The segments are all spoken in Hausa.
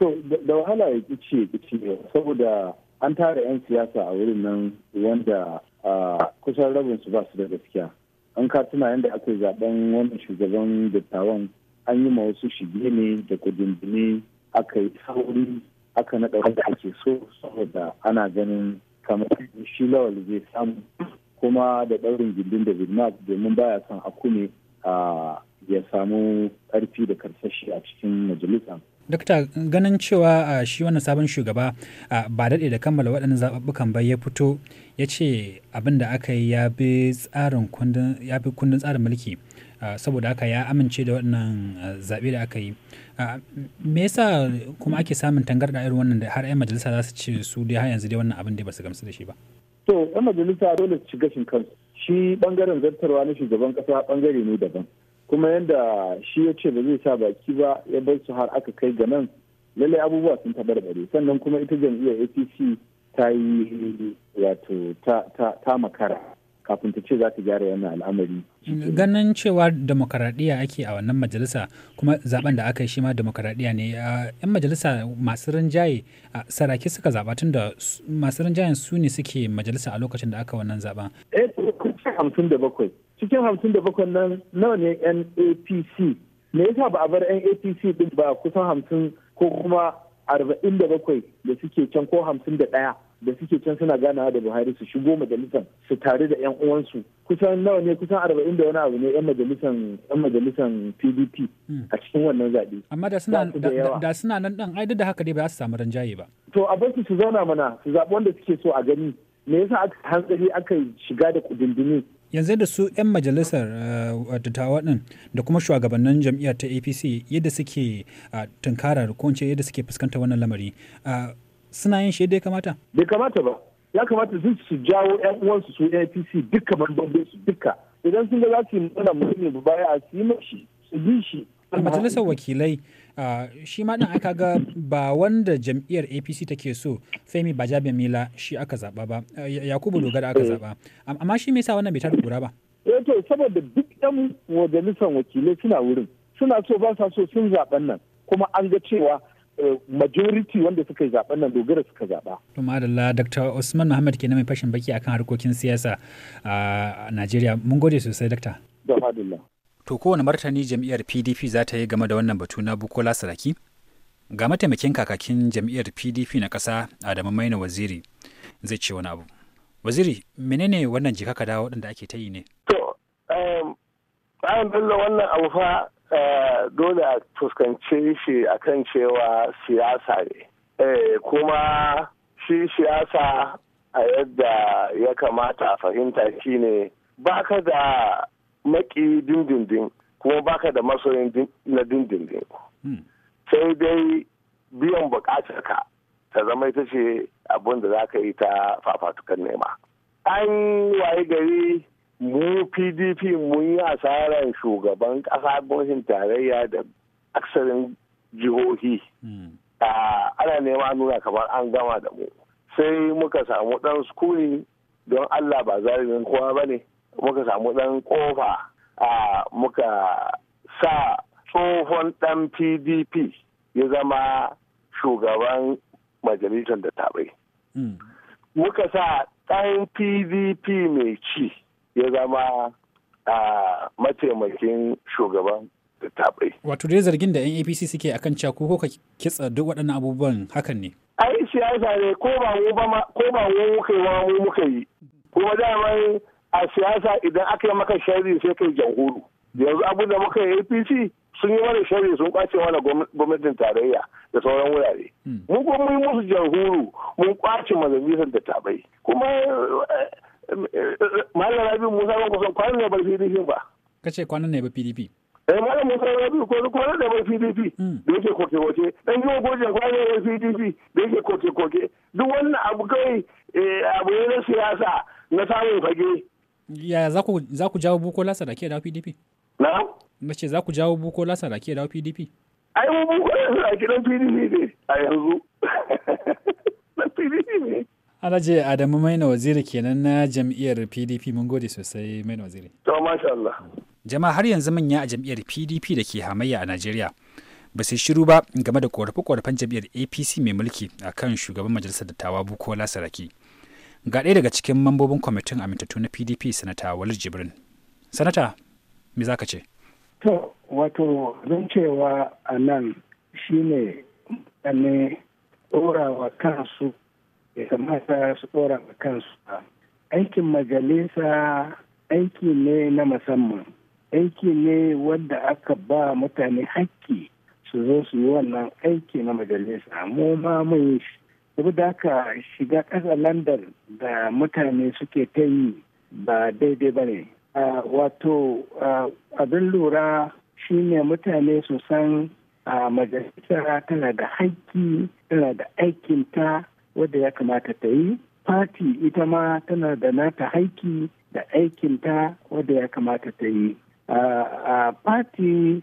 To da wahala ya kici ya saboda an tara 'yan siyasa a wurin nan wanda kusan rabin su ba su da gaskiya. An ka tuna yadda aka zaben wannan shugaban dattawan an yi ma wasu shige ne da kudindini aka yi sauri aka naɗa wanda ake so saboda ana ganin kamar shi lawal zai samu kuma da ɗaurin gindin da vidmark domin baya son a ya samu ƙarfi da karsashi a cikin majalisa Dokta ganin cewa shi wannan sabon shugaba ba daɗe da kammala waɗannan zaɓaɓɓukan ba ya fito ya ce abin da aka yi ya bi kundin tsarin mulki saboda aka ya amince da waɗannan zaɓe da aka yi. Me yasa kuma ake samun tangarɗa irin wannan da har 'yan majalisa za su ce su dai har yanzu dai wannan abin da ba su gamsu da shi ba. To 'yan majalisa dole su shiga shin kansu. Shi ɓangaren zartarwa na shugaban ƙasa ɓangare ne daban. kuma yadda shi ya ce ba zai sa baki ba ya bar su har aka kai ga nan lallai abubuwa sun tabarbare sannan kuma ita jam'iyyar apc ta yi wato ta makara kafin ta ce za ta gyara yana al'amari. Ganin cewa demokaradiyya ake a wannan majalisa kuma zaben da aka yi shi ma demokaradiyya ne yan majalisa masu rinjaye saraki suka zaba tun da masu rinjayen su ne suke majalisa a lokacin da aka wannan zaben. Eh, hamsin da bakwai cikin hamsin da bakwai nan nawa ne NAPC me yasa ba a bar NAPC din ba kusan hamsin ko kuma arba'in da bakwai da suke can ko hamsin da ɗaya da suke can suna ganawa da Buhari su shigo majalisar su tare da yan uwansu kusan nawa ne kusan arba'in da wani abu ne yan majalisar yan majalisan PDP hmm. a cikin wannan zaɓe. Amma da suna da suna nan ɗan ai da haka dai ba za su samu jaye ba. To a bar su su zauna mana su zaɓi wanda suke so a gani me yasa aka hanzari aka shiga da kudindini yanzu da su 'yan majalisar eh, dattawa din da kuma shugabannin jam'iyyar ta apc yadda suke tunkarar ko yadda suke fuskantar wannan lamari suna yin shi yadda ya kamata bai kamata ba ya kamata su su jawo 'yan uwansu su apc duka mambobin su duka idan sun ga za su yi mana mutum baya a su yi mashi su bi shi a majalisar wakilai shi ma din aka ga ba wanda jam'iyyar apc take so femi bajabe mila shi aka zaɓa ba yakubu dogara aka zaɓa amma shi me yasa wannan bai tada ba eh to saboda duk yan majalisar wakilai suna wurin suna so ba sa so sun zaɓen nan kuma an ga cewa eh, majority wanda suka yi zaben nan dogara suka zaɓa. To madalla Dr. Usman Muhammad kenan mai fashin baki akan harkokin siyasa a Najeriya. Mun gode sosai Dr. Da to kowane martani jam'iyyar pdp za ta yi game da wannan batu na bukola saraki ga mataimakin kakakin jam'iyyar pdp na ƙasa adamu maina waziri zai ce wani abu waziri menene wannan jika ka dawo waɗanda ake ta yi ne to bayan um, bello wannan abu fa eh, dole a fuskance shi akan cewa siyasa ne eh, kuma shi siyasa a yadda ya kamata a fahimta shine ba ka da maki dindindin kuma baka da masoyin na dindindin hmm. sai dai biyan bukatar ka ta zama ita ce abin da za ka yi ta fafatukan nema an waye gari mu pdp mun yi asarar shugaban ƙasa gwamnatin tarayya da aksarin jihohi hmm. ana nema nuna kamar an gama da mu sai muka samu ɗan sukuni don allah ba zalimin kowa ba ne muka samu ɗan ƙofa a muka sa tsohon ɗan pdp ya zama shugaban majalisar da taɓai hmm. muka sa ɗan pdp mai ci ya zama a mataimakin shugaban da taɓai wato dai zargin da 'yan apc suke akan cewa ko ka kitsa duk waɗannan abubuwan hakan ne ai siyasa ne ko ba mu ba ko ba mu muka yi kuma daman a siyasa idan aka yi maka shari sai kai jamhuru yanzu abin da muka yi apc sun yi mana shari sun kwace mana gwamnatin tarayya da sauran wurare hmm. mun kuma mun musu jamhuru mun kwace majalisar da tabai kuma eh, eh, malam rabi musa ban kusan kwanan ne bar pdp ba ka ce kwanan ne ba pdp eh malam musa rabi ko kwanan ne bar pdp hmm. da yake koke koke dan yi goje kwanan ne bar pdp da yake koke koke duk wannan abu kai eh, abu ne na siyasa na samun fage ya za ku jawo buko lasa da ke dawo pdp na na ce za ku jawo buko lasa da ke dawo pdp ai mu buko lasa da ke dawo pdp ne a yanzu na pdp ne Alhaji Adamu Maina Waziri kenan na jam'iyyar PDP mun gode sosai Maina Waziri. To masha Allah. Jama'a har yanzu manya a jam'iyyar PDP da ke hamayya a Najeriya. Ba su shiru ba game da korafe-korafen jam'iyyar APC mai mulki a kan shugaban majalisar dattawa Bukola Saraki. ga ɗaya daga cikin mambobin kwamitin amintattu na pdp sanata walid jibrin sanata me za ka ce to wato zan cewa a nan shi ne mutane ɗorawa kansu ya kamata su ɗorawa kansu aikin majalisa aiki ne na musamman aiki ne wanda aka ba mutane hakki su zo su yi wannan aiki na majalisa mu ma mun yi shi saboda haka shiga ƙasar landar da mutane suke ta yi ba daidai ba ne wato abin lura shine mutane su san majalisar tana da haƙƙi tana da aikinta wadda ya kamata ta yi fati ita ma tana da nata haiki da aikinta wadda ya kamata ta yi a fati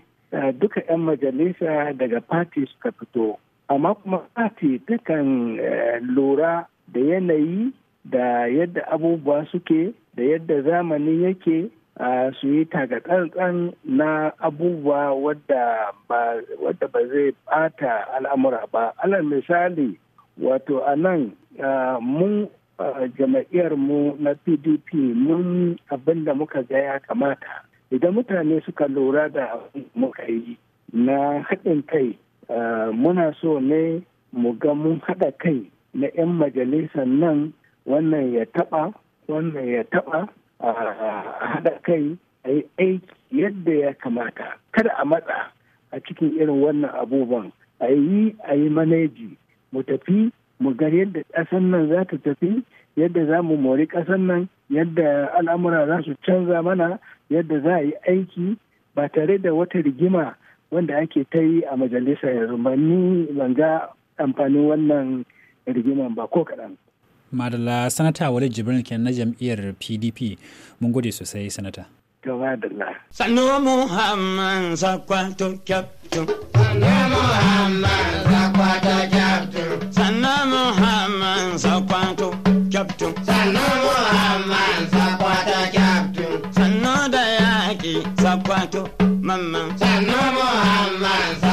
duka 'yan majalisa daga fati suka fito amma kuma fati takan eh, lura da yanayi da yadda abubuwa suke da yadda zamani yake su yi tagatsantsan na abubuwa wadda ba zai bata al'amura ba alal misali wato a nan mun mu na pdp mun abin da muka ga ya kamata idan mutane suka lura da muka yi na haɗin kai Eh, muna so ne mu ga mun haɗa kai na 'yan majalisar nan wannan ya taɓa wannan ya taɓa a haɗa kai a yi aiki yadda ya kamata kada a matsa a cikin irin wannan abubuwan a yi a yi maneji mu tafi mu ga yadda ƙasan nan za ta tafi yadda za mu mori ƙasan nan yadda al'amura za su canza mana yadda za a yi aiki ba tare da wata rigima wanda ake ta yi a majalisar yanzu ba ni ban ga amfanin wannan rigiman ba ko kaɗan. Madala sanata walid Jibril ke na jam'iyyar pdp mun gode sosai sanata gaba da na sanu muhammad zakwato kyaftin sanu muhammad zakwato kyaftin sanu muhammad zakwato kyaftin sanu muhammad zakwato kyaftin sanu da yaki zakwato Mama. Mama.